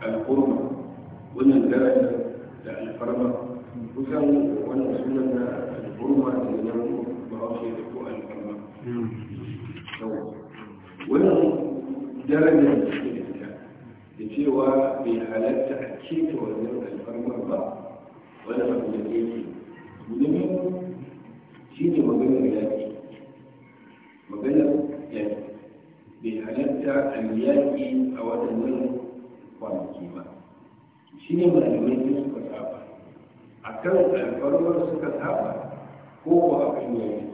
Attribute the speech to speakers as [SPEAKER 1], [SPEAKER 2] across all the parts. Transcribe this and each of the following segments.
[SPEAKER 1] farko wannan daraja da alfarma kusan wannan sunan na al'umma da da ko alfarma wannan daraja da suke da ita da cewa bai halatta a keta wannan alfarmar ba wani abu da yake domin shi ne maganar maganar bai halatta a yaƙi a waɗannan kwanaki ba shi ne malamai ne suka saba a kan alfarmar suka saba ko ko a kan yaƙi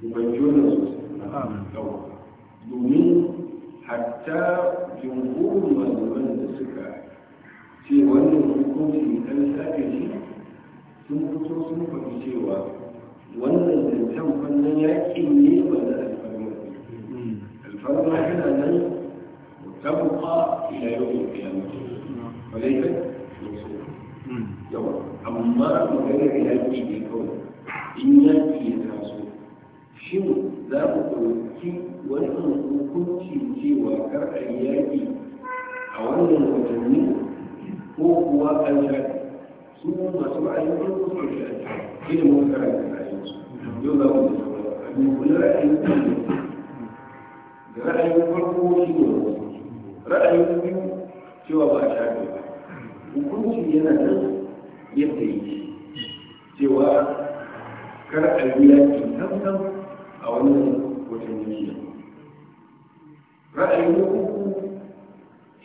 [SPEAKER 1] suka saba ubangiji sosai domin hatta jumhurin malaman da suka ce wannan hukuncin ɗan sake shi sun fito sun faɗi cewa wannan zancen fannin yaƙin ne ba za فلما كان تبقى إلى يوم القيامة وليست منصورة يوم أما مجرد إلى يوم الكون إن في ناسو شنو لا أقولكي وإن كنت سوى كرأياتي أولا وجنين ko kuwa an shaɗi ثم masu ayyukan kuma shaɗi ilimin karanta rayuwarsu yau za mu da sauran abin kula ra'ayin kuma ra'ayin farko shi ne ra'ayin biyu cewa ba a shafe ba hukunci yana nan yadda yi cewa kar a yi yaki samsam a wannan watan jiya ra'ayin uku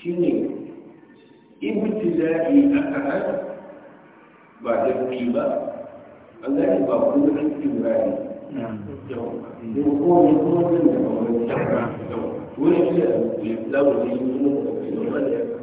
[SPEAKER 1] shi ne mutu ibtida'i a kaɗan ba da ba an gane ba kuma da kimura ne ni ko ko ni ko ni ko ni ko ni ko ni ko ni ko ni ko ni ko ni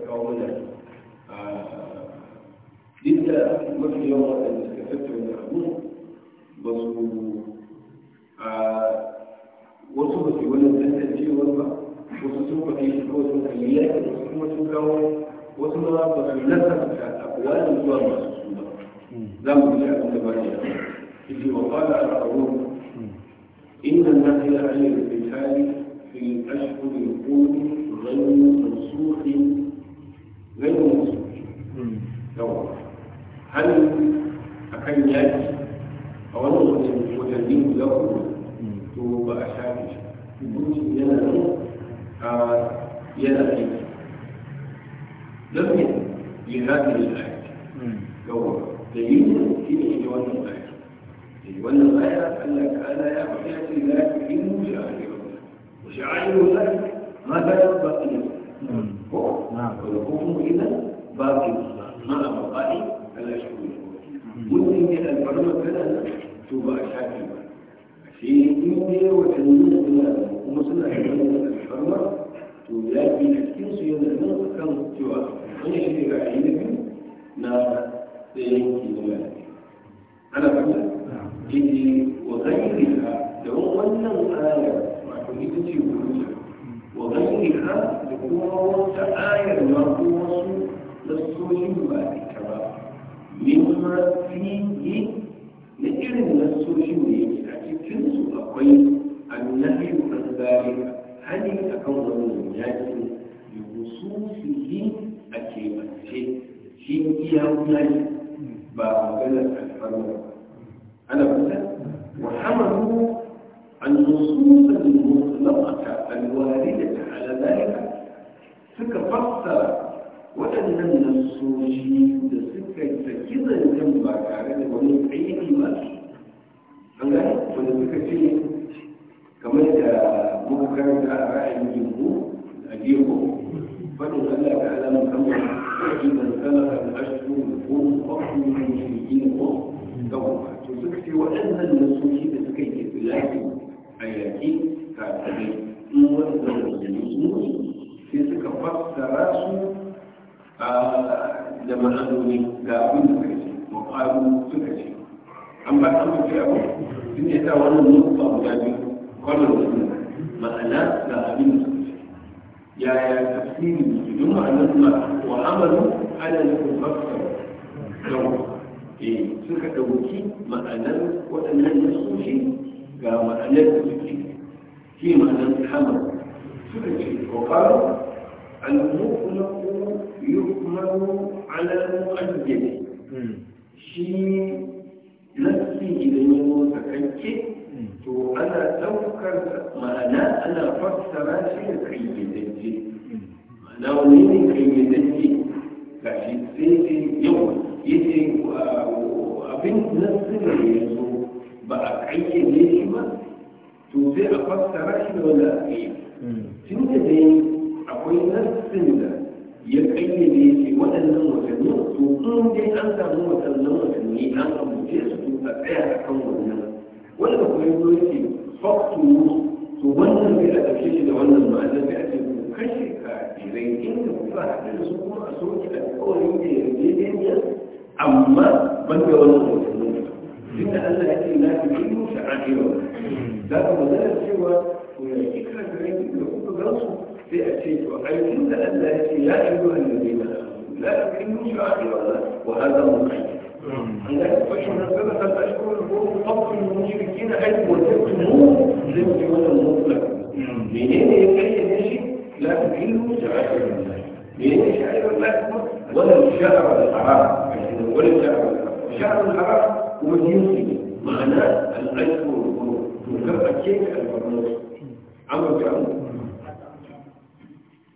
[SPEAKER 1] an ga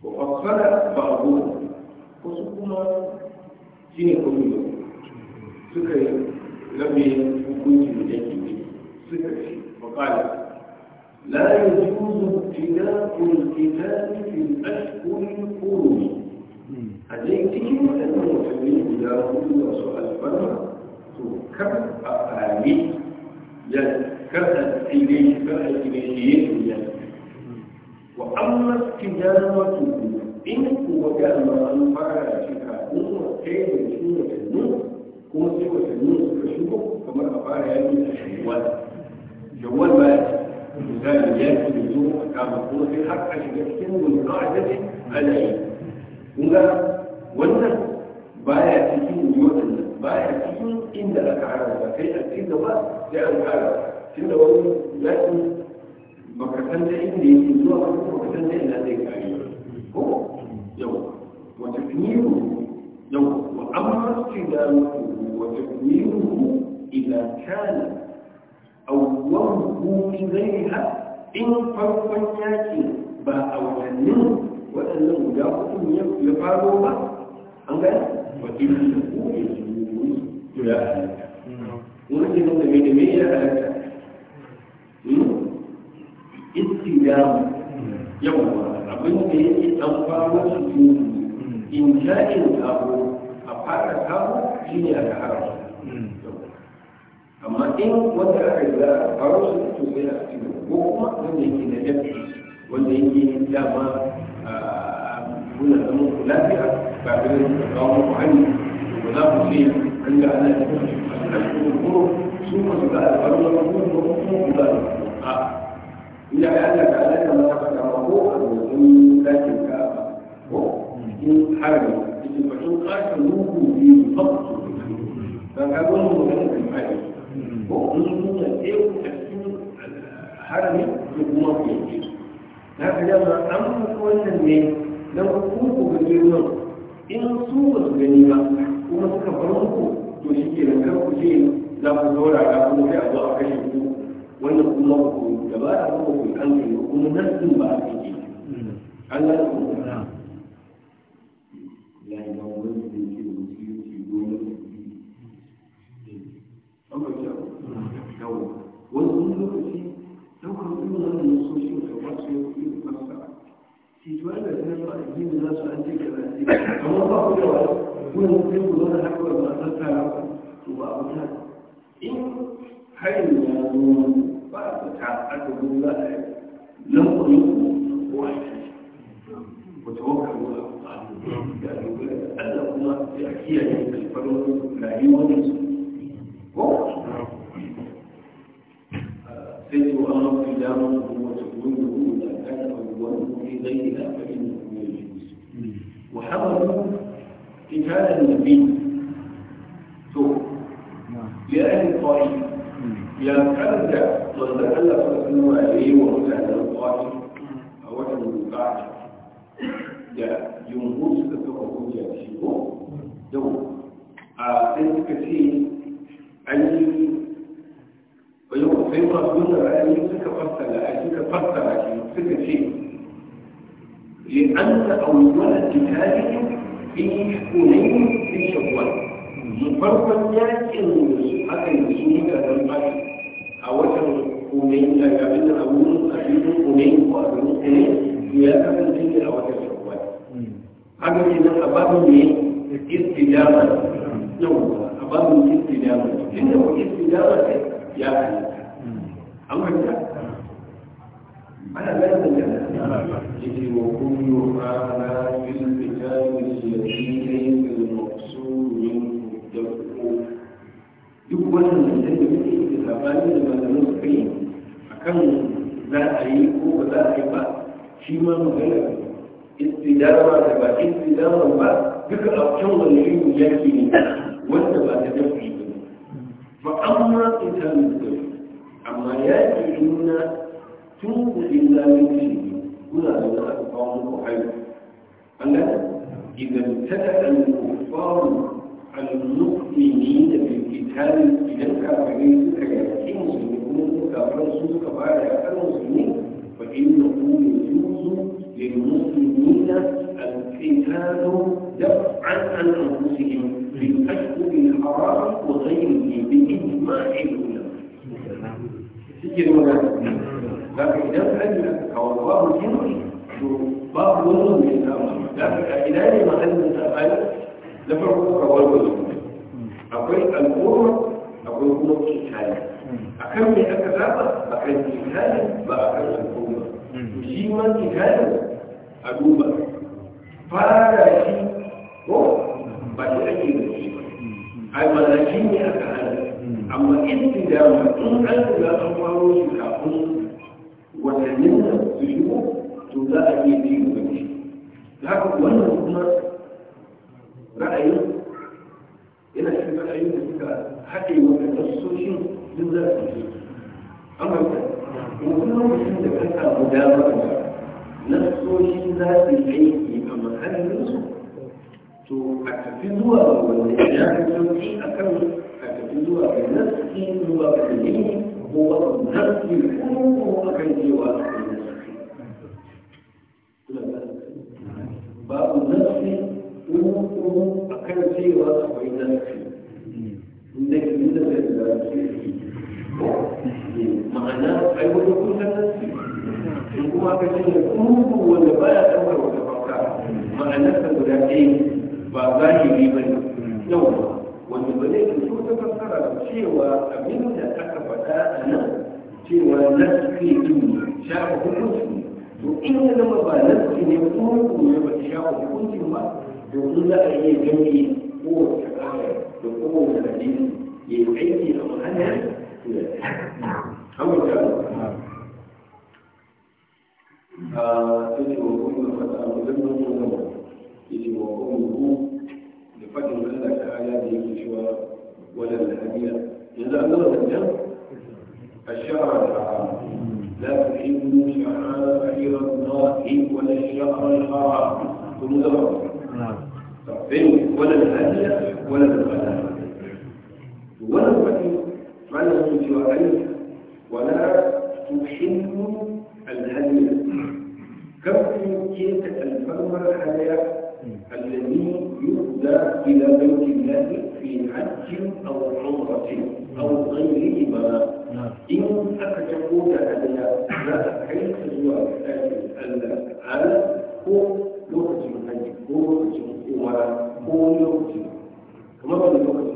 [SPEAKER 1] ko fassara ba ko su kuma shine kullu suka yi lamme hukunci da yake ne suka ce faqala لا يجوز ابتداء الكتاب في الأشهر الحرم hadin cikin waɗannan watanni guda hudu da su alfarma to kar a ya كالتليش كالتليشيين وأما استدامته إن هو كان أن فعل شكا نوع كيف يكون النور كما سوى النور كشوفه كما أفعل يأتي الشيوان جوال ما مثال يأتي بالنور أكام القوة في حق أشجاكين من قاعدة عليه هنا وانا بايا تكين يوتنا بايا تكين إن لك عرض فإن أكيد ما لأن عرض tun da wani lafi makasar da inda yake zuwa wani makasar da ina zai kare ko yau wata niyu yau wa amma su da wata niyu idan kana awwan hukumi zai ha in farkon yaki ba a watannin waɗannan guda hukun ya faro ba an gaya da hukumi ya halatta mm. wani ke nuna mai da mai ya halatta istiyamu yawa abin da yake dan faro su tuni in sha'in abu a fara kawo shi ne aka harawa amma in wanda aka yi za a faro su tuni sai a cikin ko kuma wanda yake na jafi wanda yake dama muna zama ku lafiya ba da kawo muku hannu ba za ku ce an ga ana cikin kuma su masu da alfaru na kuma kuma kuma da a ina ga Allah ta Allah ta mata ka ma ko a wajen dakin ka ko in harbi dan ka gona mu da kai ko in mun ya tsaye a cikin harbi kuma ku yi na ka ma an muku wannan ne dan ku ku ga ruwan in su ba su gani ba kuma suka bar muku to shi ke da ku je za ku saurara kuma sai a zo a kashe ku wannan kuma ku da ba a kuma ku hankali kuma nan ba a kike an ga ku ya yi ba wani da ke da wasu yanki goma da biyu an ba ta yawa wani lokaci daukar irin wannan nasoshin da ba su yi kuɗi da fasa tijuwa da ta yi ba a yi da za su an ce ka za su yi amma ba ku da wani kuma sai ku zo da haka ba a tattara ku ba a wuta in harin ya zo ba a fita aka zo za a yi lambarin ko a yi ku tawakkalu ala Allah ya dogara da Allah kuma ya kiyaye alfarin rayuwar su ko sai ko an fi dama ko wata gungu da kan abubuwan ne zai da fa'in da kuma ya ji musu wa hamalu kitalan nabi لأهل الطائف يتأذى ويتألف أنه عليه ومن أهل الطائف أولا بعد جاء جمهور ستفقه يأتيه دور أعطيت كثير أني ويوم فيما كنا رأيي سك فصل أجيك فصل أجيك سك لأن أول جهاد في حنين في شوال farkon yakin akan yi da dan a watan kunayin da gabin da abubuwan abinin kunayin ko abinin kunayin ya kasance ne a watan shawwal haka ne nan ababin ne istijama yau ababin istijama inda ku istijama ne ya halitta an fahimta ana ganin da jana yake wa kuma yau ba na yin fita da shi wannan zancen da muke yi labari da maganin su kai a kan za a yi ko ba za a yi ba shi ma magana istidama da ba istidama ba duka a can wani yin yaki ne wanda ba da dafi ba ba amma ita ne da amma yaki inna tun ku illa min shi kuna da wani aka kawo muku haihu an gane idan ta da an kufaru المؤمنين بالقتال إذا الكافرين سكياتهم المسلمون كافرون سوك بعد المسلمين فإنه يجوز للمسلمين القتال دفعا عن أنفسهم بالأشهر الحرام وغيره بإجماع العلماء. لكن إذا كان الله جنوي babu wani mai samu da aka ka'ida ne mahallin sabani na farko kawar da zuwa akwai al'umma akwai kuma kitali a kan mai aka zaba a kan kitali ba a kan al'umma shi ma kitali a duba fara shi ko ba shi ake da shi ba a mazaki ne aka hana amma inda da mutum an kula an faro shi kafin watannin da su shigo to za a iya biyu da shi haka wannan kuma ra'ayi yana cikin ra'ayi da suka haɗe wata nassoshin duk za su yi amma da kuma lokacin da ka samu damar da nassoshi za su yi aiki a mahallinsu to a tafi zuwa ga wanda ya fi sauki a kan a tafi zuwa ga nassi zuwa ga dalili ko wani nassi ko a kan cewa a kan nassi babu nassi a kan cewa akwai zafi inda ke zai ma'ana ai wani kusa in kuma ka ce wanda ba ya ɗaukar wata fauka ka guda ɗaya ba ba ne yau wanda ba zai fito fassara cewa abin da aka faɗa a nan cewa nasu shafa hukunci to in ya zama ba ne kuma kuma ya ba shafa ba domin za a iya gani kowace ayar da kowane hadisi ya yi aiki a ma'ana hamurka a cikin hukumar fata a wajen mutum da yake wa kuma da fadin Allah ta aya da yake cewa wajen lafiya yanzu an zama zancen الشهر الحرام لا تحب شعائر الله ولا الشهر الحرام ثم ذكر بين ولد الآلية ولد الغلام ولد الغلام معنى سوى أنت ولا تحل الهدي كم كيف الفرمر حياة الذي يؤدى إلى بيت الله في حج أو عمرة أو غيرهما إن أكتبوك هدي لا حيث هو الآن هو lokaci kamar wani lokaci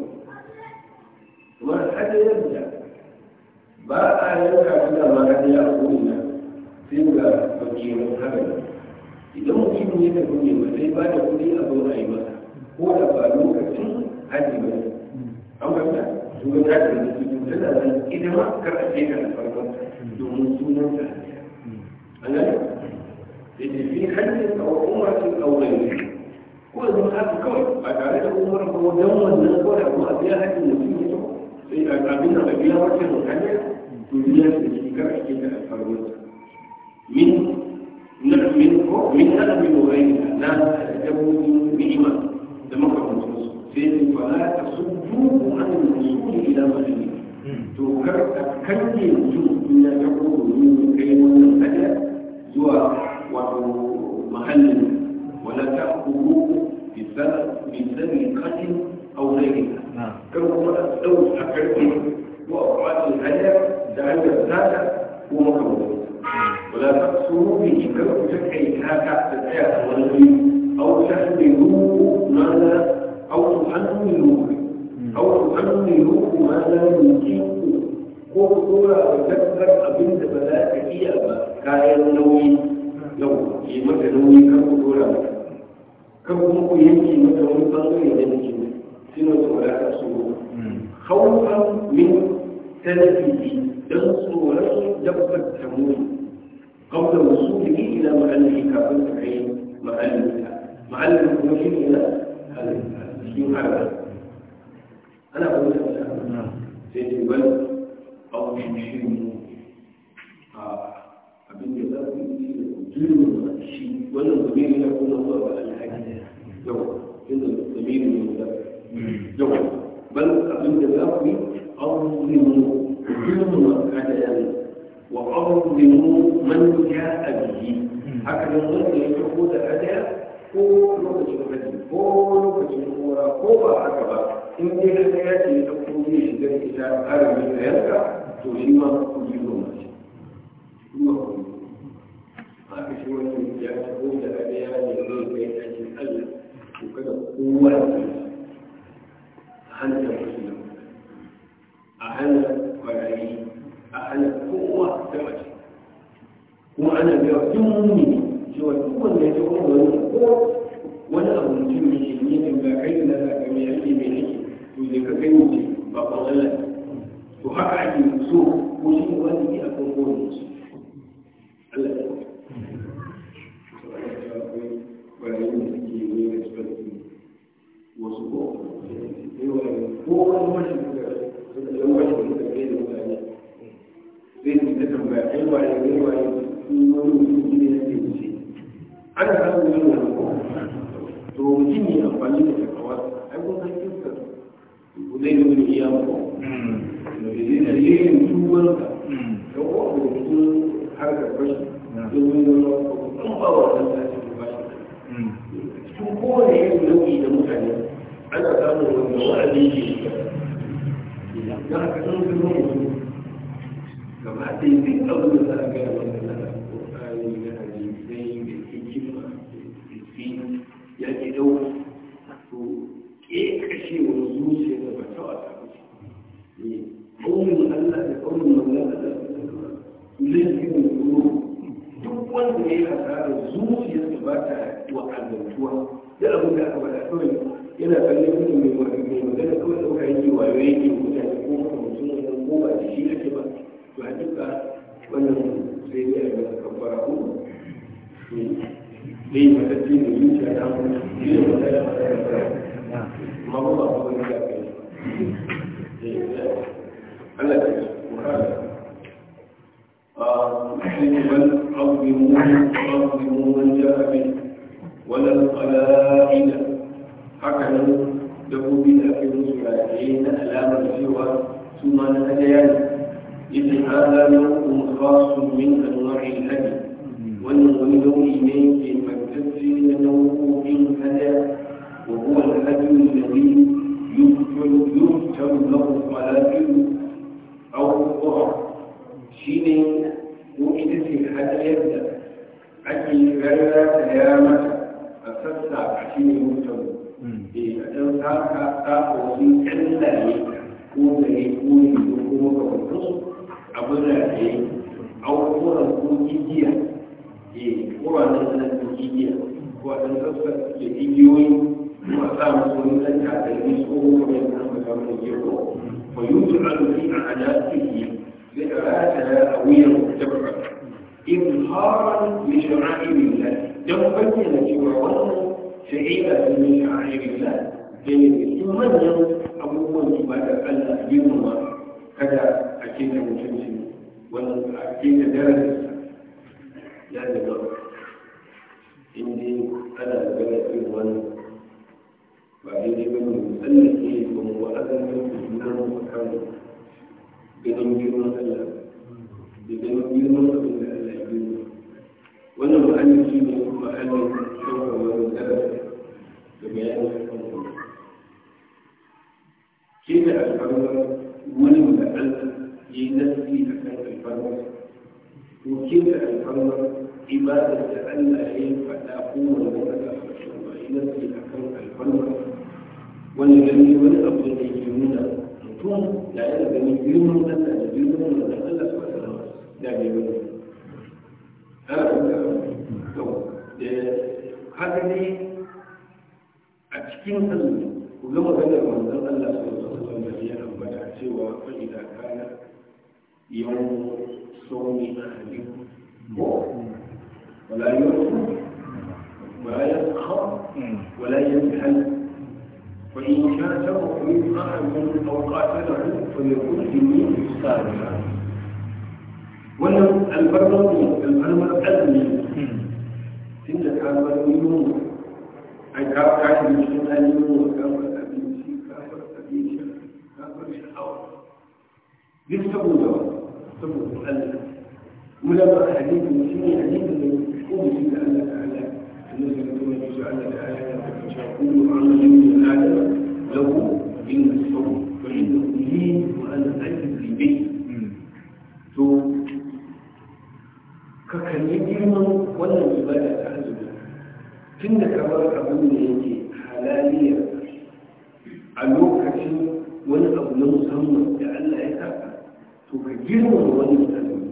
[SPEAKER 1] من wanda ya fito da ɗaya ko lokacin hajji ko lokacin kura ko ba haka ba in dai ka ɗaya ce ya fito zai shiga ita arabin da yanka to shi ma ku yi goma ce kuma ku yi haka shi wani ya fito da ɗaya ne zai kai ɗakin allah to kada kowa ya hanta musulun a hana kwarayi a hana kowa da mace kuma ana biya duk mumini Bye. yana kallon mutum mai magana kawai ɗauka yake wayo yake mutane ko kuma mutum ne ko ba da shi yake ba to a duka wannan sai ne a ga kafara ko ne yi matacce ne zuciya ta mu ne da magana magana ta amma ba ba ba ne da kai Allah ta yi muhalli بل عظموا عظموا من جاء به ولا القلائل haka nan dabbobi da ake musu rajaye na alamar cewa su ma na hadaya ne yake hada na hukum khasu min anwa'il hadi wannan wani nau'i ne ke magtacce na nau'o'in hadaya wa huwa al-hadi alladhi yuktaru lahu qalaqil aw qura shine ko ita ce hadayar da ake rarrata ya mata a sassa shi ne yuktaru don haka ka koyi kallaye ko da ya koyi da kuma kwanto abu da ya yi aukuran ko igiya e kuma na sanar da igiya ko a ɗan sassa da igiyoyi ko a sa musu wani ɗan takalmi ko kuma ya kama da wani gero ko yi wuce alufi a adalci zai a rata a wuyan dabba إظهارا لشعائر الله. دم بين شعائر shahida min sha'irillah da ne cikin manyan abubuwan ibadar Allah a girmama kada a keta mutunci wannan a keta darajarsa ya zama inda ana magana irin wannan ba daidai ba ne musallar ke ba mu ba azantar da juna mu a kan ganin girman Allah da ganin girman abin da Allah ya girma wannan ma'anin shi ne ma'anin الحكمة والسبب ببيان الحكمة كيف الحرمة ولم أن ينفي أكثر الحرمة وكيف الحرمة إبادة أن أهل فتأقوم لك ينفي أكثر الحرمة والجميع والأفضل يجيبون mutum da ya da gani biyu mun san da biyu mun da Allah subhanahu wa ta'ala da biyu mun har da kaga ne a cikin sallah ku ga maganar manzon Allah sallallahu alaihi wasallam ya ambata cewa fa idza kana yawm sawmi ahli wala yusuf wala yaskhar wala yajhal فإن شاء من أحد أو قاتله فليكن مني صالحا ولو البرد البرد أدمي tun da ka bar yunwa a ka kashi mutum an yunwa ka bar abinci ka bar abinci ka bar sha'awa duk saboda saboda Allah ولما حديث المسلمين حديث يقول فيه أن تعالى النبي كما جعل تعالى كل عمل من آدم له إن الصوم فإنه لي وأنا أجد لبيت ka kalli girman wannan ibada ta azumi tun da kamar abin da yake halaliya a lokacin wani abu na musamman da Allah ya saka to ka girmama wani azumi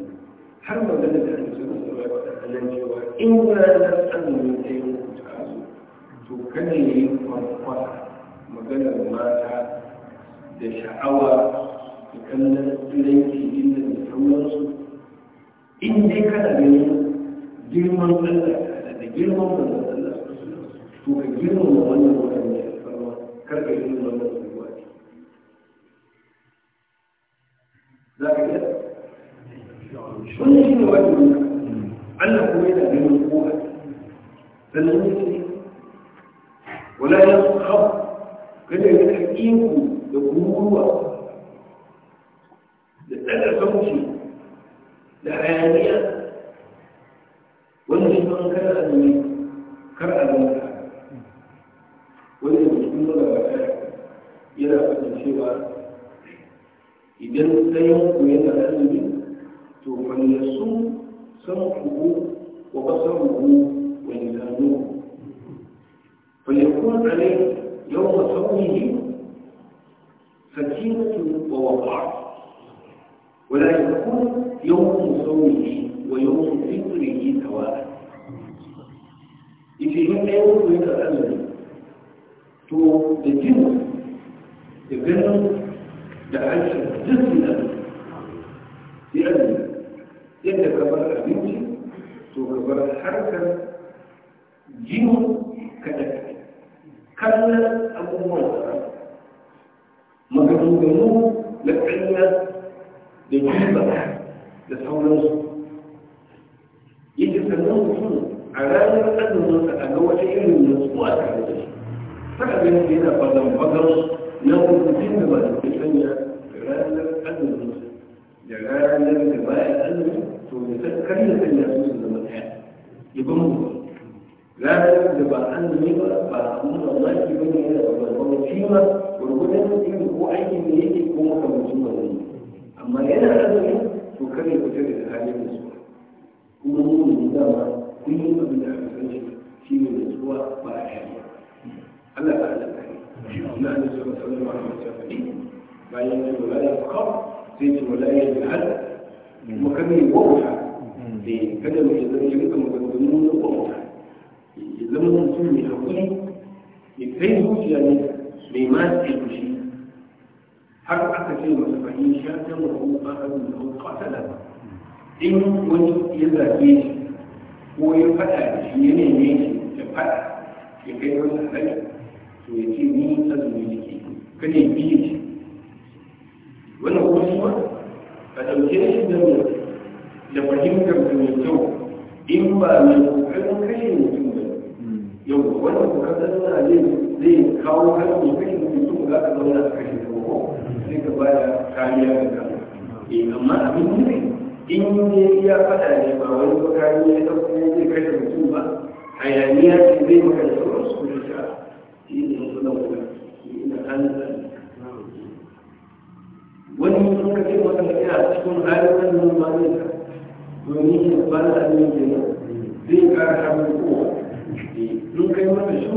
[SPEAKER 1] har magana da an suna da ta hannun cewa in ranar azumi ta yi muku ta to kada ya yi kwamfasa maganar mata da sha'awa da kallon tsiranki inda da sauransu in dai kana ganin girman Allah da girman manzon Allah to ka girman wannan wannan alfarma kar ka yi wannan zuwa za ka ga wannan shi ne wajen Allah kuma yana ganin kowa sannan ya ce wala ya hau kada ya ga iko da kururuwa mai wauta eh, kada mai ya zama ya maganganu na wauta ya zama mutum mai haƙuri ya kai zuciya ne mai matse fushi har aka ce masa fahim sha ta mahu ba a zuwa kwatala in wani ya zaɓe shi ko ya faɗa da shi ya neme shi ya faɗa ya kai wani haɗari to ya ce ni azumi nake kada ya biye shi wannan kuma shi ba a ɗauke shi da da fahimtar da mai kyau in ba mai kokarin kashe mutum ba yau wani kokarin kasa suna zai kawo kan mai kashe mutum ga ka zauna a kashe ta ko sai ka ba da kariya ga kanka eh, amma abin ne in ne ya fada ne ba wani ta ya ne zai kashe mutum ba hayaniya ce zai maka da su da sha shi ne da wuta ina kan wani sun kace wannan ina cikin halin wannan ba ne domin ya ba da abin zai ƙara samun kowa eh, in kai mata shi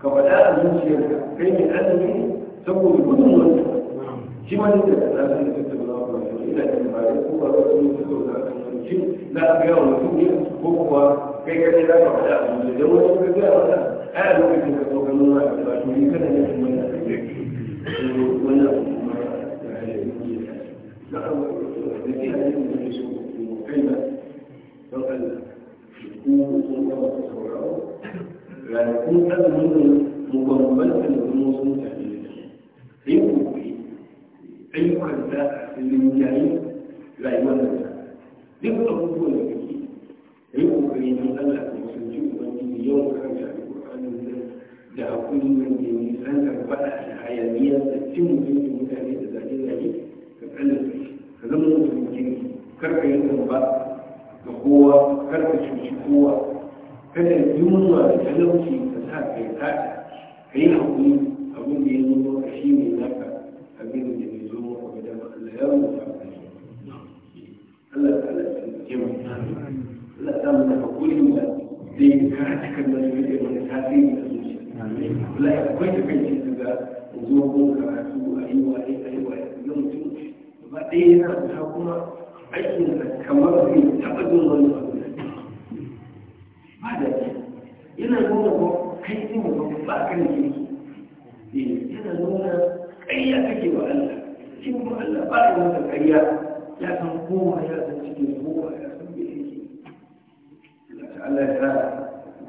[SPEAKER 1] ka faɗa a zuciyarka kai mai azumi saboda gudun wanda shi ma duk da ka zaɓi da tattauna ba ina da ba da kowa ba su yi su da kan yanci za a gaya wa mutum ne ko kuwa kai ka ne za ka faɗa a zuciya don wasu ka gaya mata ai a lokacin ka tsokan nuna a ba to ni kada ne su mana da ke eh, wannan kuma da ke da ke da ke كلمة فقد يكون صورة صورة يعني يكون هذا من مضمنات الرموز التحليلية يمكن أي كذاب للمجاهد لا يولد يمكن أن يكون يمكن أن يتألق وسجود من يوم خمسة القرآن da hakuri mai nisantar faɗa da hayaniyar da cin mutum mutane da zage-zage ka kallon ka zama mutum kirki karka yi zamba ga kowa karka cuci kowa kada yi mutuwa da talauci ka sa ka yi tata ka yi haƙuri abin da ya zo maka shi ne naka abin da bai zo maka ba da Allah ya rubuta ka ne Allah ta Allah ta ce mu Allah ta mu da haƙuri da zai karanta kan da su da wani tasiri da zuciya Allah ya kwaita kan shi daga zo ko karatu a yi wa ai ai wa yau mutum ba ɗaya yana ta kuma aikinsa kamar bai taɓa jin wani abu ba da yana nuna ba kai ne ba ba kan kirki yana nuna ƙarya kake wa Allah shin ba Allah ba da wata ƙarya ya san kowa ya san cikin kowa ya san bai yake Allah ta'ala ya sa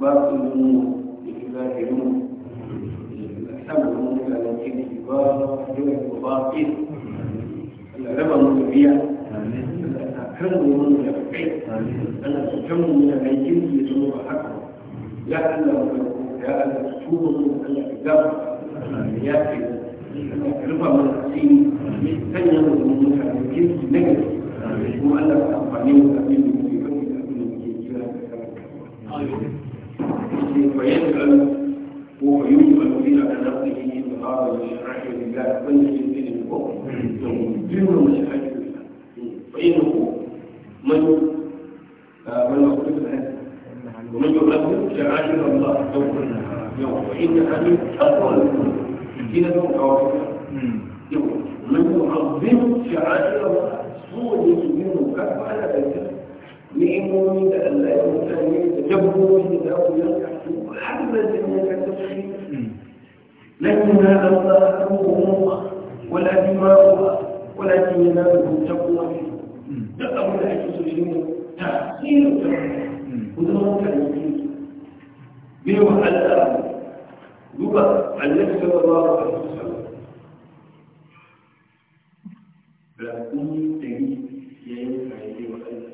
[SPEAKER 1] ba su nuna da ke zahirin saboda mutanen kirki ba yawan ba ƙin Allah raba mu da biya حرم ان يحقق أنا أتجمع من العيدين يتنور حقه يا ألا يا ألا تتوب من ألا إدارة يا رفع من الحسين تنيا من المتحدثين نجد وألا تأمنين وأمين فيسأل ويسأل في أخلاقه وهذا الشرح ان بل يزيد الحكم يزيد المشاهد فإنه من من ومن يؤمن شعائر الله يوم وإنها من أقوى الأمور دينة وقوافلها يوم من يعظم شعائر الله سوء منه كف على ذلك لإيمان الله وثاني تجبر الله يرجع حتى الدنيا تسخي لن ينال الله أمرهم ولا دماؤها ولكن يناله التقوى منه تقوم بأجل سجنه تحصيل التوحيد وده كان يجوز بيوم الأرض يبقى عن النبي صلى الله عليه وسلم فأقوم تجي يوم عيدي وقلبي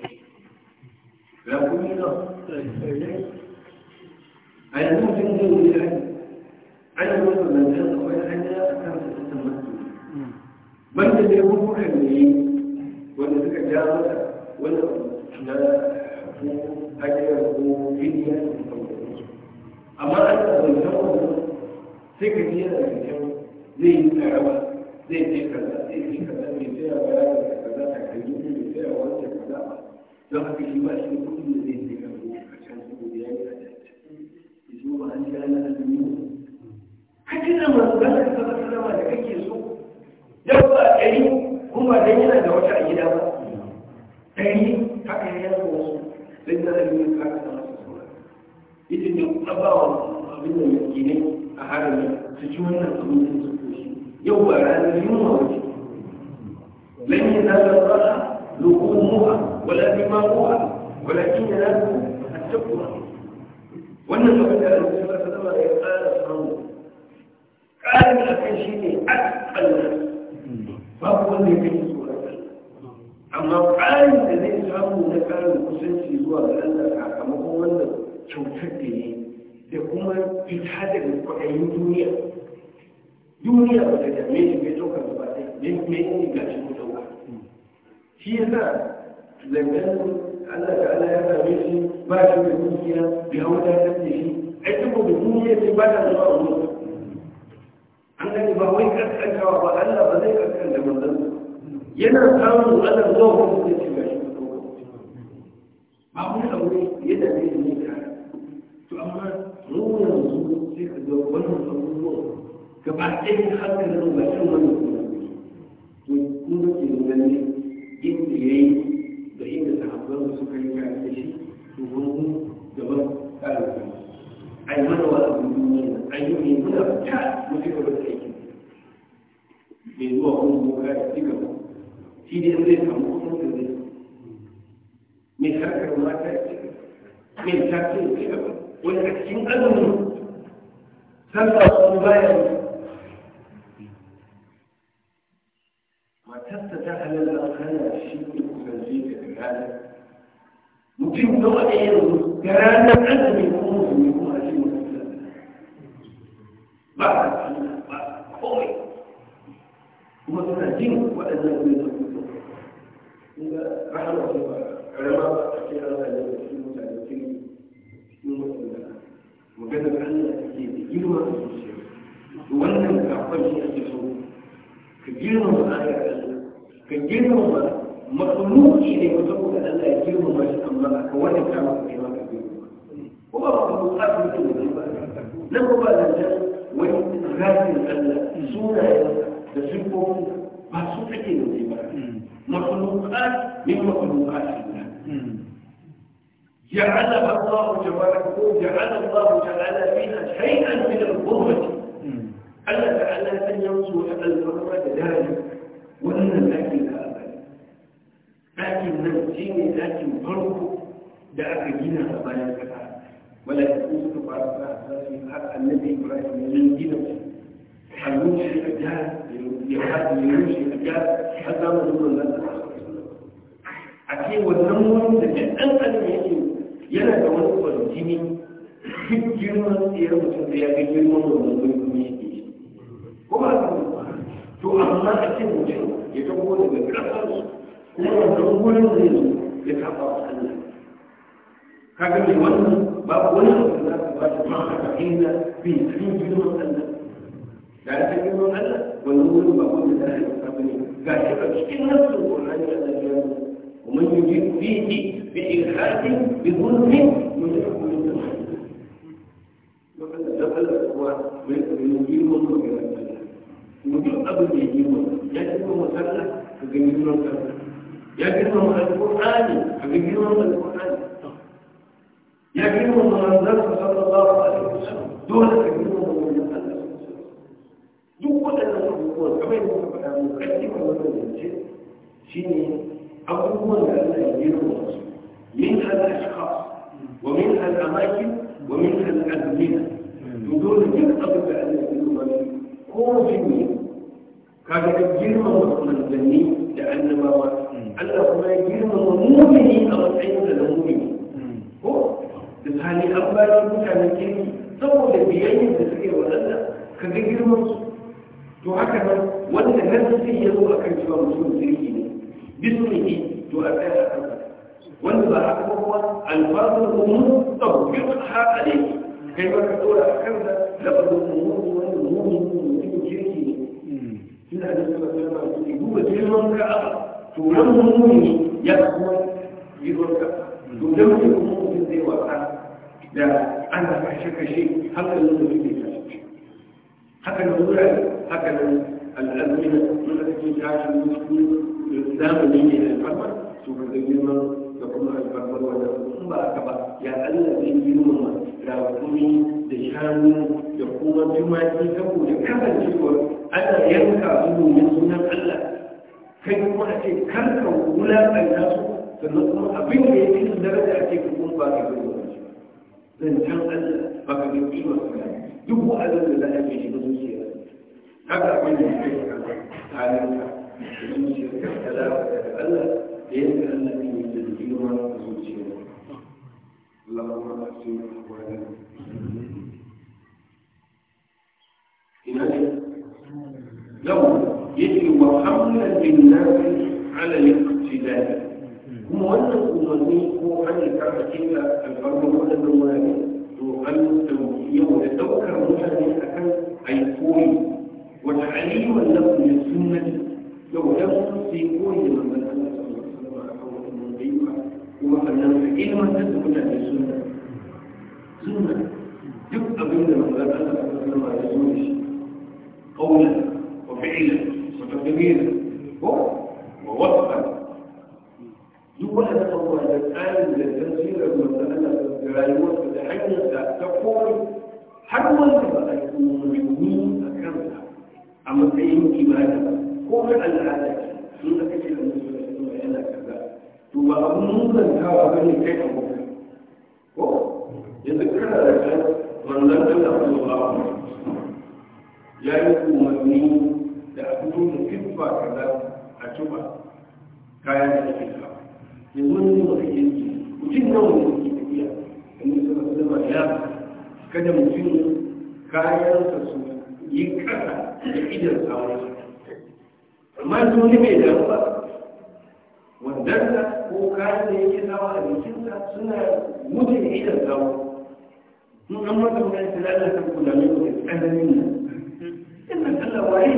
[SPEAKER 1] فأقوم هنا أنا ممكن أقول لك أنا ممكن أقول لك أنا أكثر من التمثل من الذي يكون محمد wanda suka ja masa wani na hanyar ko fidiya amma an zancen sai ka zancen zai yi karama zai ce kaza zai ce kaza mai tsaya ba ya ga kaza kai mai tsaya kaza ba don haka shi ba shi kuɗi da zai a can ya yi a ya zo ba an azumi
[SPEAKER 2] ka masu da
[SPEAKER 1] kake so dabba ɗari kuma dan yana da wata a gida ba ɗari haka ya yanka wasu sai na da yin haka da masu sura ita ne tsabawa abin da miskinai a harami su ci wannan abincin su koshi yau ba ranar yunwa wace
[SPEAKER 3] lan yi zalar rana
[SPEAKER 1] lokumuwa wala dimamuwa wala kin yana a tabbata wannan abin da alƙur'ani ta zama ya tsara samu ƙarin akan shi ne a tsallar babu wanda ya kai tsoron amma ƙarin da zai samu na ƙarin kusanci zuwa ga Allah sakamakon wannan kyautar da ya da kuma fita daga kwaɗayin duniya duniya ba ta dame shi bai ɗaukar ba dai, mai yi gashi ko ɗauka shi ya sa zanganin Allah ta'ala ya same shi ba shi da dukiya bai hau da shi ai duk da duniya sai ba ta zuwa wani annabi ba wai kaskantawa ba Allah ba zai kaskanta manzon yana samun Allah zuwa ko da shi ba ba mun aure yadda zai ne ka to amma mu yanzu sai ka ga wannan abubuwan gaba ɗaya hankalin ba shi wannan shi ne zai samu kusan da zai mai harkar mata ce mai tafi da ya ba wani a cikin azumin sallah su baya matarsa ta halalla hana shi ne kusan zai da ranar mutum nawa ne yanzu ga ranar azumi ko musulmi ko a cikin ba a cikin ba komai kuma suna jin waɗannan رحم الله علماء تحكي هذا الذي في المتعلمين من مسلمين مجرد أن تكيد يجمع الشيء وأن تعقل شيء الجسم كجرم آية كجرم مخلوق إليه وتقول أن لا يجرم ما شاء الله كوانا كما كما كجرم هو مخلوق أكبر لم يبالغ وإن غافل أن سورة تسبب مخلوقات من مخلوقات الله جعلها الله تبارك جعل الله تعالى فيها شيئا من القوة ألا تعالى أن ينصر القربة ذلك وأن لكن هذا لكن نفسيني لكن فرق da aka gina a bayan kasa wala ta kusa ta fara ta حيوش الأجهال يوش الأجهال حتى ما نقول لنا أكيد والنمو لك أن أنا يجي يلا كمان فرجيني duk girman tsayar ta da ya ga ta kuma ko ba to amma a cikin mutum ya tabo daga ƙasar kuma wannan gurin zai zo ya taɓa Allah kaga mai wannan ba wani abu da za ka ba shi ma haka inda bai san girman Allah da ya san girman Allah wani wurin ba kuma da ya san ba ne ga shi ba cikin nasu Qur'ani Allah ya yi ومن يجيب فيه بإلحاد بظلم يجيب من الحد لقد هو يجيب من الحد mutum abin da ya yi mu ya girma masalla ka ga girman sallah ya girma alƙur'ani ka ga girman alƙur'ani ya girma manzon sallallahu alaihi wasallam dole ka girma abubuwan kamar yadda suka faɗa mu kan cikin wannan zance shi ne abubuwan da Allah ya girma su min hal ashkhas wa min hal amakin wa min hal admina to dole duk abin da Allah ya girma shi ko jini kaga da girma manzanni da annabawa Allah kuma ya girma mu'mini a matsayin da na mu'mini ko da hali an bayar mutanen kirki saboda biyayyar da suke wa Allah kaga girman su to haka nan wanda nan sai ya zo akan cewa mutum jirgi ne bismihi to a tsaya a kansa wanda ba haka ba kuma alfazun mu tsabbin haka ne kai ba ka tsora a da kansa lafazin mu wanda mu ne mutum jirgi ne ina da suka tsara ba su duba girman ka'aba to nan mu ne ya kuma girman ka'aba to dan mutum zai wasa da ana kashe-kashe hankalin mutum ne haka nan wurare haka nan al'azmina wanda suke tashin musulmi zamani ne da alfarmar su ka zai girman da kuma alfarmar wanda in ba haka ba ya allah zai girmama rakumi da shanu da kuma tumaki saboda kasancewar ana yanka su domin sunan allah kai kuma a ce karka wulaƙanta su sannan kuma abin da ya fi daraja a ce kuma ba ka zai zan can allah ba ka zai kima su duk wa'azin da za a yi ba zuciya haka abin da yake halinka zuciya ka da Allah da yadda Allah ne ya da girma a zuciya Allahumma asina ahwalana ina ne lahu yake wa hamlan bin nas ala al-iqtidal kuma wannan umarni ko hanyar karfafa alfarma wannan ruwa ne القرآن التوحية وتتوكل مجهد أكل أي قوي وتعليم اللفظ من السنة لو لفظ سيكون لمن مثلا صلى الله عليه وسلم أو من غيره ومثلا فإن ما تثبت عن السنة سنة duk abin da manzan Allah ta zama da zo da shi ƙaunar wa fi'ila wa tafiyar ko wa wasa duk wanda ta kawo da tsarin da tasirar manzan Allah ta rayuwar ta matsayinsa ta komai har wanda ba a yi umarni a kansa a matsayin ibada ko na al'ada ce sun da kake da musulunci ma yana kaza to ba abun muzantawa ba ne kai abokan ko yanzu kana da kan manzan da ta zo ba ya yi umarni da a fito da fitfa kaza a tuba kayan da ke kawo yanzu wani ne mafi yanki mutum nawa ne ke tafiya yanzu suna sallama ya kada mutum kayansa su yi kasa da idan sawon amma ko kayan da yake sawa a jikinsa suna wuce idan mun ta kula ne ko tsananin nan ina waye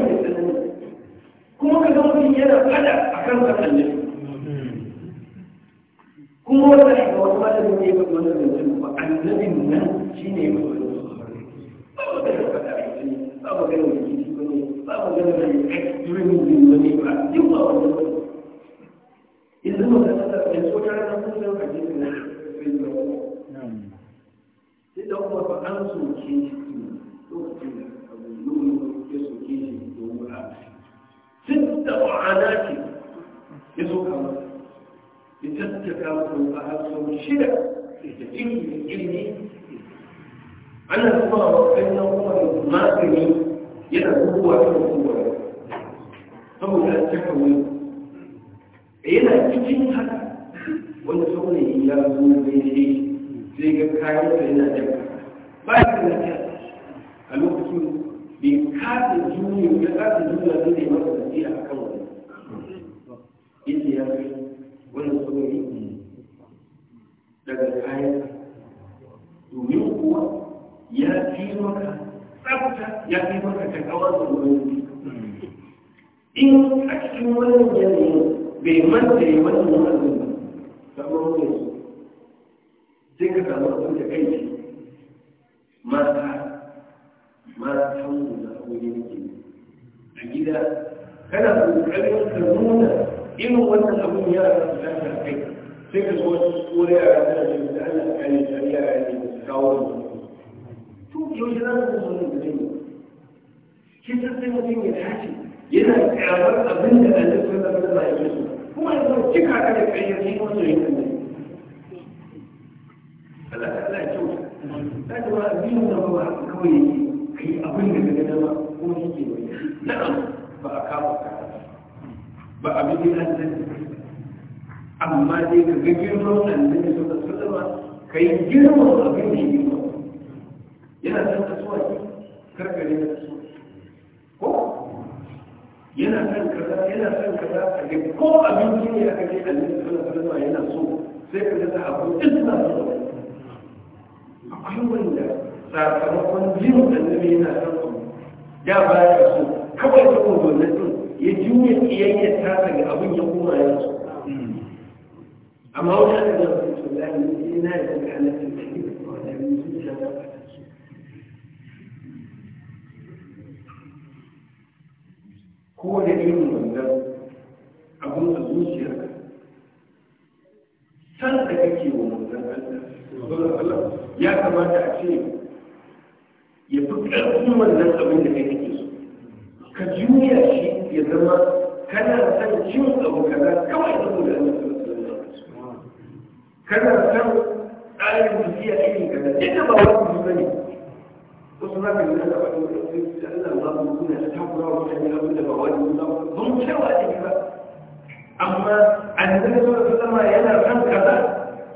[SPEAKER 1] kuma ka ga mutum yana fada tsananin annabin nan shi ne mai ba mu gani ba ba shida cikin ilimi ana kuma wa kanyar kuma magani yana zuwa ta kowa saboda cikin kawai yana cikin haka wanda saurayi ya zo gaishe sai ga kayan da yana jaka ba ya kan lafiya a lokacin bai kasa juni ya kasa juni da zai masa da a kan wani yadda ya kai wannan saurayi daga kayan domin kuwa ya fi maka tsafta ya fi maka ta kawar da wani in
[SPEAKER 2] a cikin wannan yanayin
[SPEAKER 1] bai manta ya wannan ba kamar wani su sai ka samu abin da kai ce mata mata da aure a gida kana kokarin ka nuna irin wannan abin ya rasu tashi a kai sai ka zo wani a ranar da ke da ana tsakanin shari'a ya ne su kawo da mutum to yaushe za ka zo da zai yi kisa sai mutum ya tashi yana kyamar abin da Allah ya zama da ya so kuma ya zama cika ka da kai sai ko so yin nan Allah ta ya kyau ta ji wa abin da ba kawai kai abin da ka ga dama ko yake ba na'am ba a kawo ka ba abin da Allah ya amma dai ka ga girman annabi sallallahu alaihi wasallam kai girman abin da yi ba yana san kasuwa karka ne ko yana kan kaza yana kan kaza a ga ko abin da ya kaje annabi sallallahu alaihi wasallam yana so sai ka ga abu duk na so akwai wanda sakamakon jin ne yana san abu da ba ya so kawai saboda ne ya juya kiyayyar ta ga abin ya koma ya so أما هو هذا بسم الله المسلمين هذا الحالة الكبيرة وهذا المسلمين هذا هو دليل من abin a zuciyarka san da kake wa manzan Allah ya kamata a ce ya fi ƙarfin wannan abin da kai kake so ka juya shi ya zama kana san cin abu kaza kawai saboda Allah kana san tsarin musiya irin kaza yadda ba wani su bane wasu za ka nuna da wani wani Allah ba mu kuna takura wa mutane abin da ba wani su ba mun cewa ne ba amma annabi sallallahu alaihi wasallam yana san kaza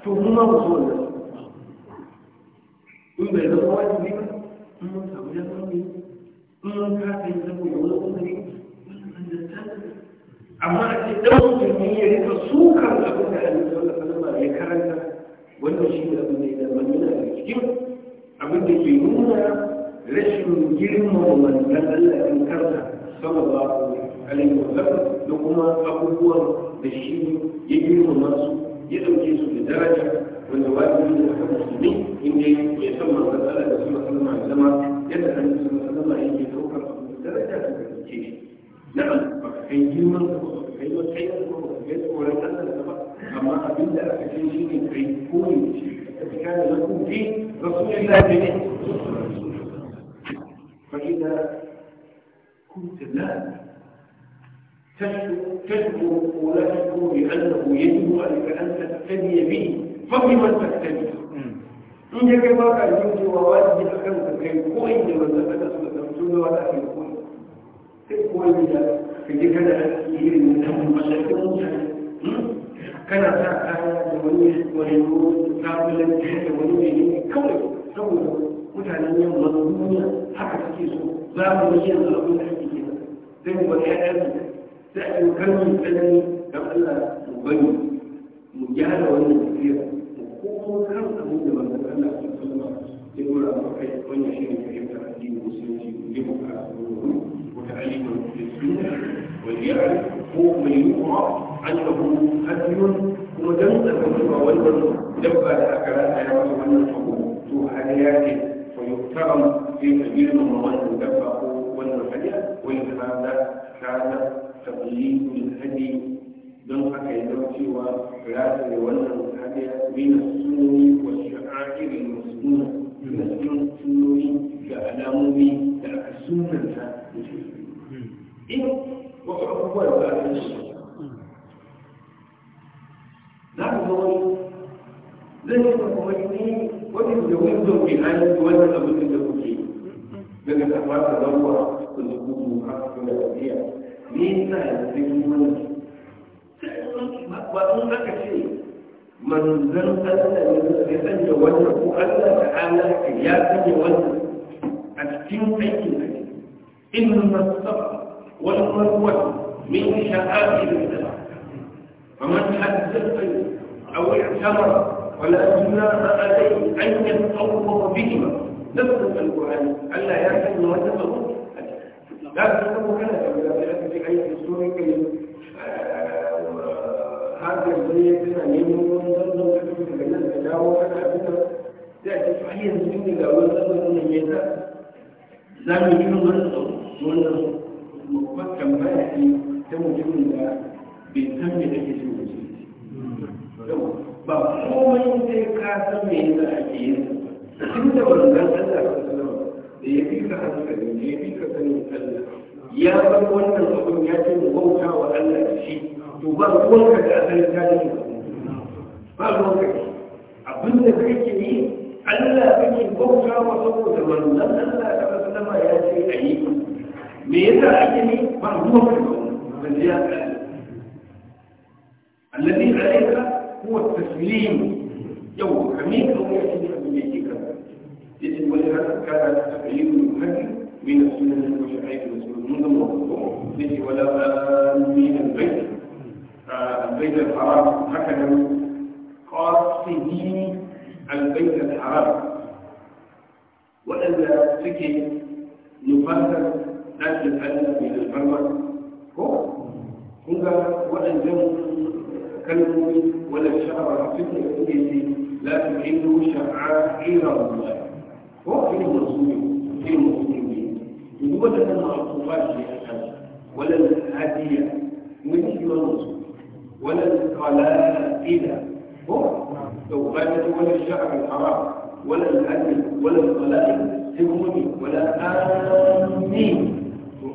[SPEAKER 1] to mu ma mu so in bai zama wani ne ya ne ne amma a ce ɗan ya rika sukan abin da annabi sallallahu alaihi ya karanta wannan shi ne abin da ya zama yana da cikin abin da ke nuna rashin girmama manzon Allah in karta sallallahu alaihi wasallam da kuma abubuwan da shi ya girmama su ya ɗauke su da daraja wanda wajibi ne akan musulmi inda ya san manzon Allah da sallallahu alaihi wasallam zama yadda hannun su alaihi wasallam yake ɗaukar su da daraja su da shi kai girman da kuma kai wa kai da kuma kai tsoron Allah da ba amma abin da aka ce shi ne kai koyi shi da fita da lakum fi rasulillah ne fa idza كنت لا تشكو ولا تشكو لأنه يجب عليك أن تقتدي به فبما تقتدي إن جاك باك الجنس وواجه أكمل كي قوي لمن لفتت وتمتون ولا في قوي كيف قوي لذلك ka ji kana irin ta mallakin kana sa kaya da wani wayo da wani mai kawai saboda mutanen yamma duniya haka suke so za mu yi yanzu abin da ake yi zai mu wani ya'yan sai a yi kalmi tsanani Allah mu bari mu gyara wannan tafiya mu komo kan abin da manzon Allah ya sallama ya gura mu kai wannan shirin يعرف هو من يؤمر أنه هدي ودمت الحكومة والمن دب الأكلات يعرف أن الحكومة ذو حياته فيحترم في سبيل من دبا والحياة وهذا كان تقليد الهدي دون حكى يدرسي وراس لولد الهدي من السنن والشعائر المسنونة المسنون السنوني كألامي كأسنة المسلمين wasu abubuwa da za a yi shi na ku zama zai yi kuma wani wani da wani zon ke an yi wannan abin da kuke daga tafa ta zauwa da zukutu a cikin da tafiya ne ina da zai yi wani ba sun haka ce manzan Allah ne ya sanya wannan ko Allah ta'ala ya sanya wannan a cikin aikin da inna safa والمروة من شعائر الله فمن حدثني أو اعتمر ولا جناح عليه أن يتصور بهما نفس القرآن ألا يعتمد وجهه لا تتصور هذا ولا في أي سورة هذا الزي كنا نمو ونظر كنا نتجاوز على هذا تأتي صحيح من الأول نظر من الميزة زامن كنا نظر ونظر kuma tambaya ta mutumin da bai san me ke so mutum ba komai sai ka san me yasa ake yin tun da wannan Allah ka sallama da ya fi ka hankali da ya fi ka sanin sallah, ya san wannan abin ya ce mu bauta wa Allah da shi to ba ruwanka da asalin tarihi ba ne. abin da kake yi Allah kake bauta wa saboda manzon Allah da sallama ya ce a yi me yasa ake ne ba ruwa
[SPEAKER 2] الذي عليك
[SPEAKER 1] هو التسليم يوم حميد أو يحيي حميدك يجب ولهذا كان التسليم المهدي من السنة والشعائر والسنن منذ الموضوع التي ولا من البيت البيت الحرام هكذا قاصدين البيت الحرام وإلا فكي نفسر ɗakin Allah mai alfarma ko kun ga waɗannan kalmomi wala sha'ara suke suke ce la tu'illu sha'a'ira Allah ko irin musulmi irin musulmi yanzu waɗannan ma'akufa shi a kan wala hadiya mun yi wa musulmi ولا القلائد هو لو غابت ولا الشعر الحرام ولا الأكل ولا القلائد سرمني ولا آمين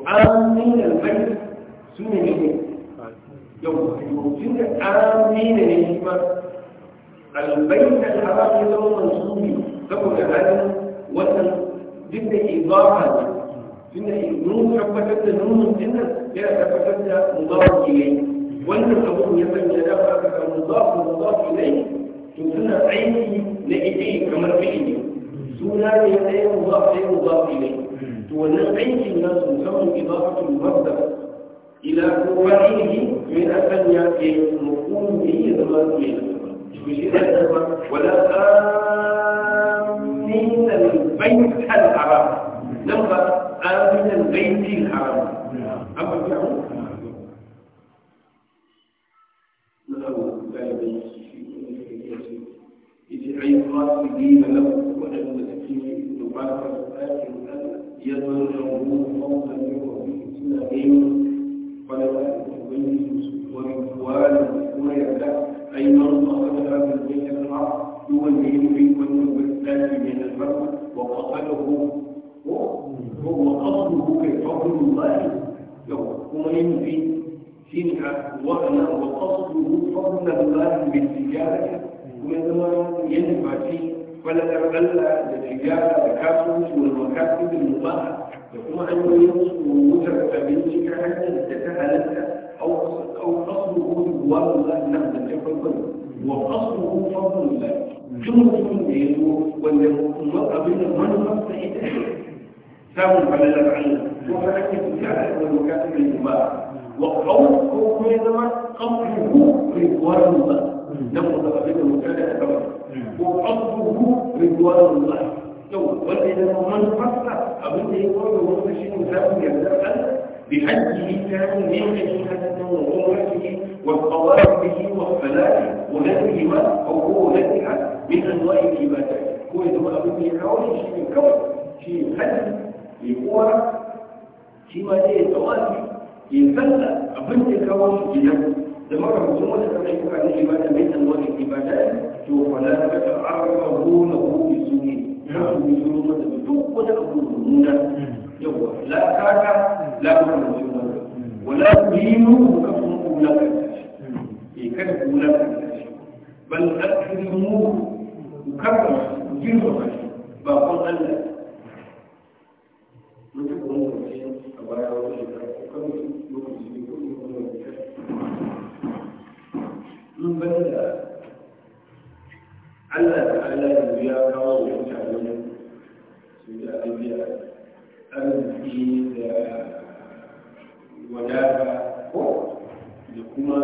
[SPEAKER 1] amina al-majlis sune ne yau tun da amina ne shi ma al-bayt al-haram ya zama mansubi saboda halin wannan duk da idafa ne tun da nun tabbatar da nunun din nan yana tabbatar da mudafu ilai wannan abun ya sanya da aka ga mudafu mudafu ilai to suna aiki na ita kamar fi'ili suna ne ɗaya mudafu ɗaya mudafu ilai wannan aikin nasu musamman idafatul mabda ila ruwa'ihi min akan ya ke mukun ne ya zama su ne shi shi da zama wala amin al-bayt al-haram nan ba amin al-bayt al-haram amma ya له ذلك إذ أي قاتلين له الوالد وما في شنع وأنا وقصده فضل الله بالتجارة وما ينفع فيه فلا تقل التجارة تكافل والمكاسب المباحة يقوم أن يقصد وجهة منك حتى تتهلك أو أو قصده جوار الله نعم تكفل وقصده فضل الله ثم ثم يدور ولا أبدا من قصد samun falalar Allah to ka ake tafiya a cikin lokacin mai kuma wa kawai ko
[SPEAKER 2] kuma ya zama kamfuhu
[SPEAKER 1] rigwar ruwa dan ku zaba da lokacin da ka ko kamfuhu rigwar ruwa yau wanda ya zama manufarsa abin da ya kawai wanda shi ne samun yardar Allah بحجه كان من حسنة وغرته والقوارب به والفلاح ونبه ما أو هو نبه من أنواع العبادات هو يدوى أبو بيحاول يشيء من كون shi ma zai yi tsawafi ya kalla abin da kawo shi gidan da makamcin wata kamar yi kwanin ibada mai san wani ibada to kwana ka ta arba gona ko bi su ne na su bi su mata duk wata abu mummuna yawa la kaka la makamcin wata wala ku yi mu ka kuma kula ka shi kada kula ka shi bal akrimu ku karba ku girma shi ba kun Allah Allah Ala, da ya kawo wa mutane su da abiya arziki da wadata ko da kuma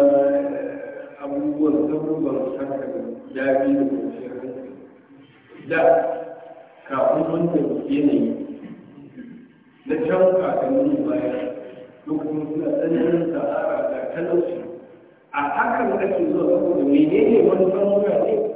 [SPEAKER 1] abubuwan abubuwan haka daɗi da kwanciyar hankali da kafin wannan yanayi na can kakannin baya lokacin suna tsananin sa'ara da talauci a hakan ake zuwa saboda menene manufan mutane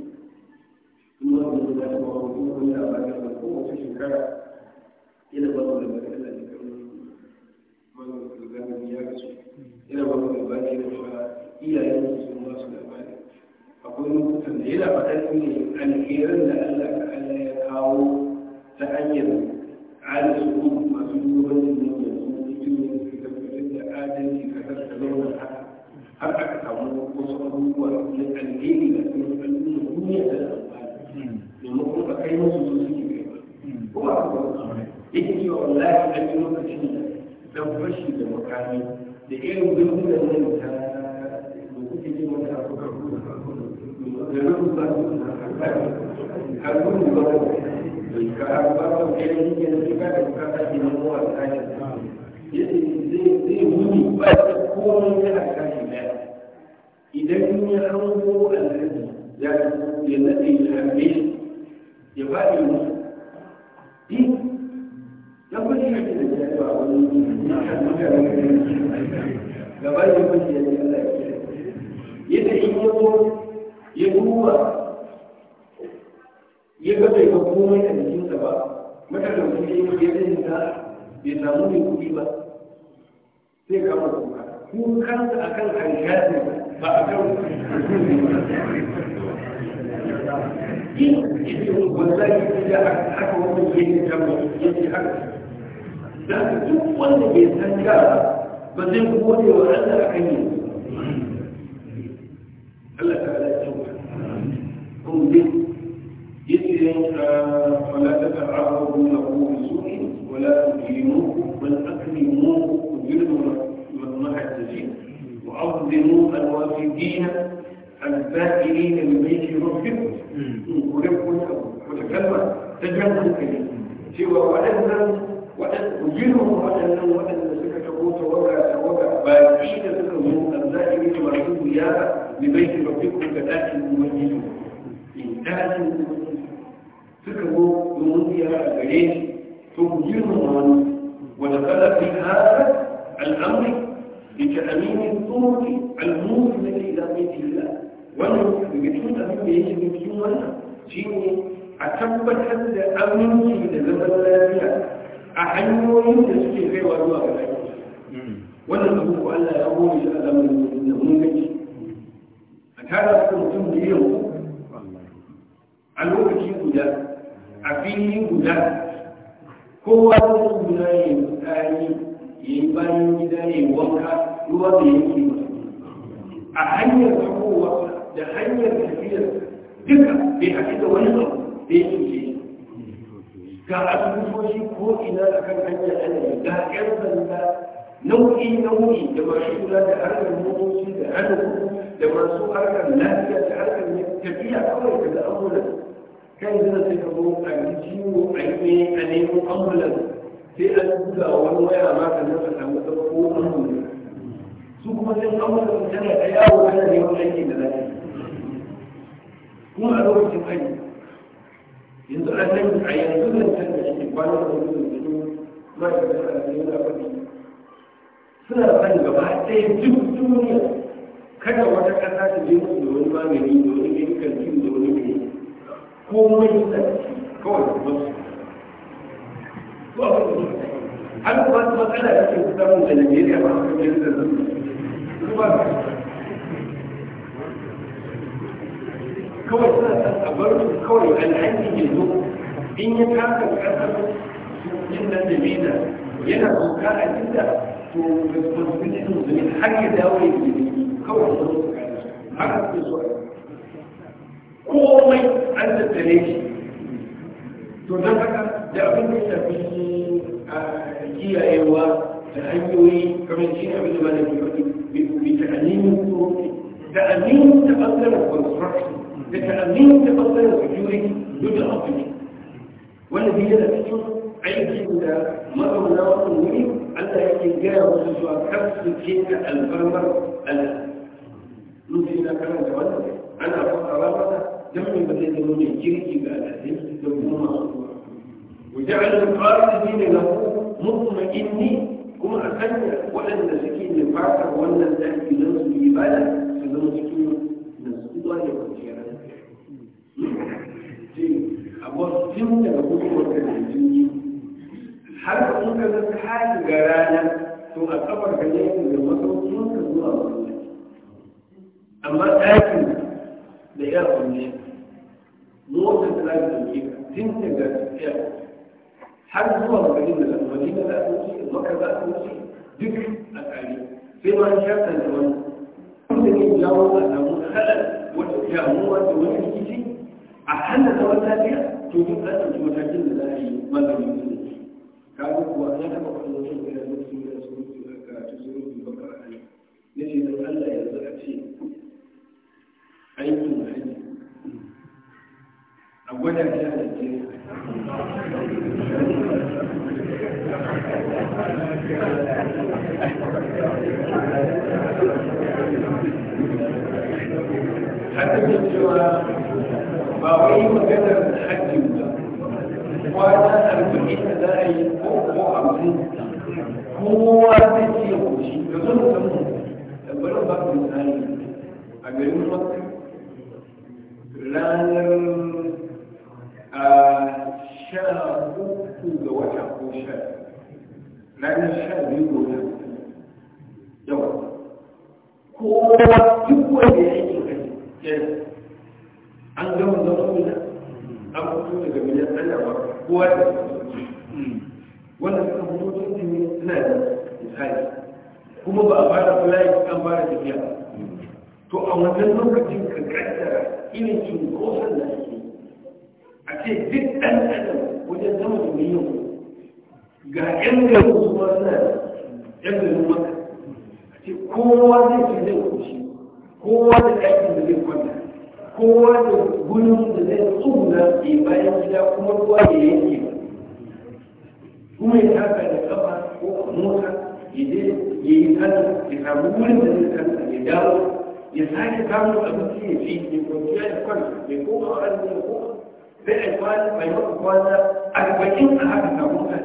[SPEAKER 1] in wanda ya dace wa kuma wanda ya bada da kowace shekara ina ba da barkala da kan man zamani ya rasu ina ba da baki da cewa iyayen sun ba su labari akwai lokutan da yana faɗa ne alheran da Allah ka Allah ya kawo ta hanyar alisu masu shugabancin nan yanzu cikin fitar da adalci kasar da zauna haka har aka samu wasu abubuwa na alheri da kuma al'ummar duniya da domin kuma ba kai musu su suke kai ba kuma a kuma yake wallahi a yi lokacin da bashi da makami da irin gudun da nan ta da kuke ce mata a kuka kuma da rubuta su har kuma ba ka ba ka kai ne ke da ka da ka ta ke nan wa ta ne yace zai zai wuni ba komai yana kashi daya idan ya hango alhaji ya ya nade ya harbe ya musu ya kudi da ba wani gaba ya kudi ya ce ya ya ya komai ba mutanen yi ta mai kuɗi ba sai akan ba a yin cikin wallahi da haka wannan yake jama'a yake haka dan duk wanda bai san yara ba zai gode wa Allah a kan yin Allah ta ala ce wa kun bi yake wala ta ta'awu na ku su'i wala tujimu bal akrimu ujuru mahajjin wa azimu alwafidina على السائلين الميت يرفقهم ولكم وتكلم تجمل كلمة سوى وأن وجنهم وأن وأن سكتكم توقع توقع باقين سكتهم الزائرين مرحوم يا لبيت ربكم كذلك المميزون إن كانوا سكتوا يمضي على ثم جنهم ودخل في هذا الأمر بتأمين الطرق المهمة إلى بيت الله وانه بجوز أمين بيجي بيجي وانا جيني أتبقى حتى أمين في دلوقتي لابيا أحنو ينسى في خير وروا في الحيوة وانا أقول ألا أقول إلا لم نمجي أكاد أقول كم ديهو ألو أجي قدا أفيني قدا كوالو بنايم آيب ya yi bayan gida ya yi wanka ruwa da yake masa a hanyar zamowa da hanyar tafiyar duka bai haɗu da wani abu da ya cuce ga asibitoci ko ina a kan hanyar hanyar ga ƴan sanda nau'i nau'i da masu kula da harkar motoci da hana da masu harkar lafiya da harkar tafiya kawai daga ambulan kan zina sai ka zo a yi ciwo a yi a nemo ambulan sai an buga a wani waya ma kan nan kan masa ko wani su kuma sai an masa tana da yawo ana neman aiki da zai kuma a lokacin kai, yanzu an nan a yanzu nan can da shi kwana da wani da su ma da su a cikin zafi suna san gaba ɗaya duk duniya kada wata ƙasa ta je da wani magani da wani medical team da wani mai komai da kawai da wasu an ba su matsala da ke samun da nigeria ba su kamar da su ba kawai suna san a bar su kawai alhaji ya zo in ya kasa kasar yin nan da mena yana doka a jinda to responsibility musulmi har ya dawo ya ke kawai su zo haka su so a komai an tattare shi to don haka da abin da shafi kiyayewa da hanyoyi kamar shi abin da ba da bi ta amin tsoro da amin ta ɓangaren construction da ta amin ta ɓangaren security duk da abu ne wanda bai yana cikin aikin da mazauna wannan wuri Allah yake gaya wasu zuwa kar su ce da alfarmar Allah. Mun ji na karanta wannan ana fara mata don me ba zai zama mai kirki ga alhaji da kuma masu وجعل القائدين له مطمئنين kuma a sanya waɗanda suke da fatar wannan ɗaki don su yi bada zama cikin nasuwa da kwanciyar hankali a wasu daga hukumar da ke jirgi har da kun ka zaka hali ga rana to a kafar ka ne da masaukin ka zuwa wani amma ɗakin da ya kwanci motar da za ka daga tafiya har zuwa madina da madina za a wuce maka za a wuce duk a tsari sai ma an sha da wani wanda ya jawo a samu halar wata damuwa da wani rikici a hannun zaman lafiya to duk an ɗauki matakin da za a yi maganin musulunci kaga kuwa na taɓa kwanan wasu da ya zuci da su karatu su rufe bakar hali na ce don allah yanzu a ce aikin hajji a gwada shi a najeriya
[SPEAKER 3] حتى cewa ba wai maganar hajji
[SPEAKER 1] ba kwana arba'in da za a yi ko ko hamsin kowa zai ce koshi da zo da samu da bari ba ku misali a garin makka ranar sha uku ga wata ko sha sha biyu kuma duk wanda ya yi kai an gama zama an daga ba kowa da hmm. wannan suka fito ne suna da misali kuma ba a fara kulayi an fara tafiya to a wannan lokacin ka kaddara irin cunkoson da a ce duk ɗan adam wajen zama da miliyan ga ƴan garin kuma suna ƴan garin maka a ce kowa zai ce zai kushi kowa da ɗakin da zai kwanta kowa da gudun da zai tsuguna ke bayan gida kuma ruwa ya yanke ba kuma ya taka da kafa ko a mota ya yi tsada ya samu wurin da zai tsada ya dawo ya sake samun abinci ya fi? ya kwanciya ya kwanta ya koma a ya koma sai a kwana mai wata kwana a bakin a haka ba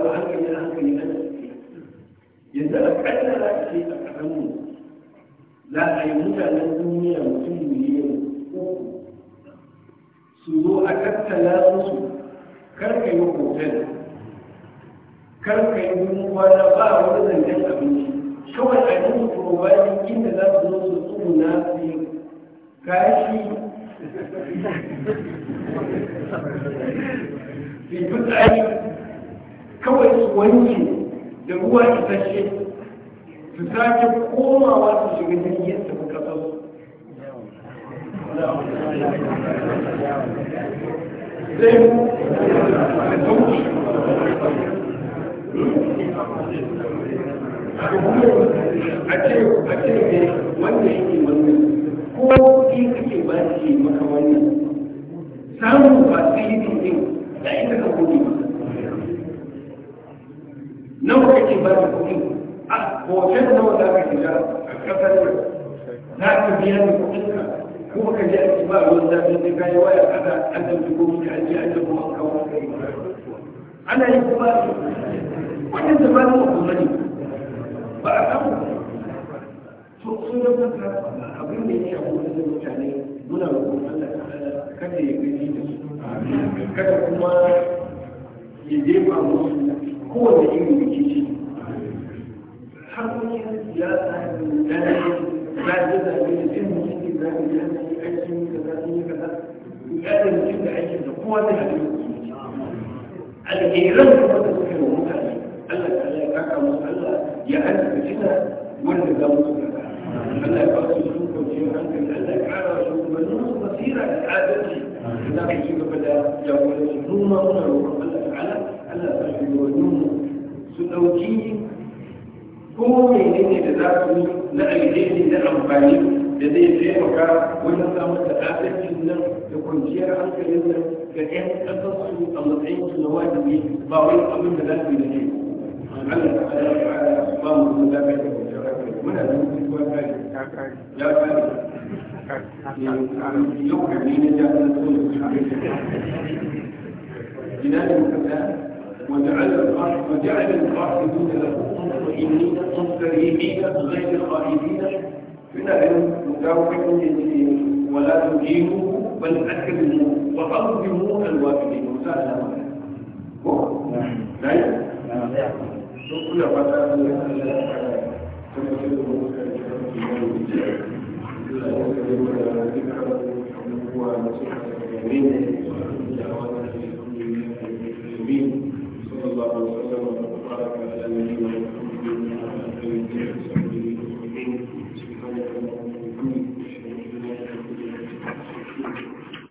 [SPEAKER 1] a hankali yanzu a kalla za a a za a yi mutanen duniya mutum miliyan uku su zo a kattala musu karka yi hotel karka yi gudu kwana ba wani zancen abinci kawai a yi mutu ba inda za su zo su tsuna su yi في جزء كويس وين لهو يفشل تساكب قوما واسج من هي تبكتل زين
[SPEAKER 3] أكيد أكيد أكيد وين
[SPEAKER 1] يجي ko kuɗi kake ba shi maka wannan samun ba yi dindin da inda ka kuɗi Na nawa kake ba da kuɗi a hoton da za ka shiga a ƙasar nan na ka biya da ka kuma ka je a ba ruwan zafi sai ka yi waya kada an ɗauki gobe ka ajiye an ɗauki an kawo ana yin kuma wannan da ba su ba a samu sun daukaka abin da ya shafi wani mutane muna roƙon Allah ta'ala kada ya gani da su kada kuma ya jefa musu kowane irin rikici harkokin siyasa da zaɓe zaɓe da jin mutum da zaɓe da zaɓe aikin da zaɓe da kaza ƙarin mutum da aikin da kowa zai haɗu alheran kuma da suke wa mutane Allah ta ya kaka musu Allah ya arzika wanda za mu tsara Allah ya ba su kwanciyar hankali Allah ya da adalci da za da mu roƙon Allah Allah ya mu su ɗauki da za su yi na alheri amfani da zai taimaka wajen samun da nan da kwanciyar hankalin nan ga 'yan ƙasarsu a matsayin ba wani abin da za su yi da ke Allah ba mu da muna da mutum kuwa kare ya kare yau ka eh, ne na jami'an tsohon idan ka tsaya وجعل الارض وجعل القاعدون لهم مطمئنين مستريحين غير خائفين من ان متوقع ولا تجيبوا بل اكرموا واظلموا الواجبين وسهلا نعم نعم da Thank you.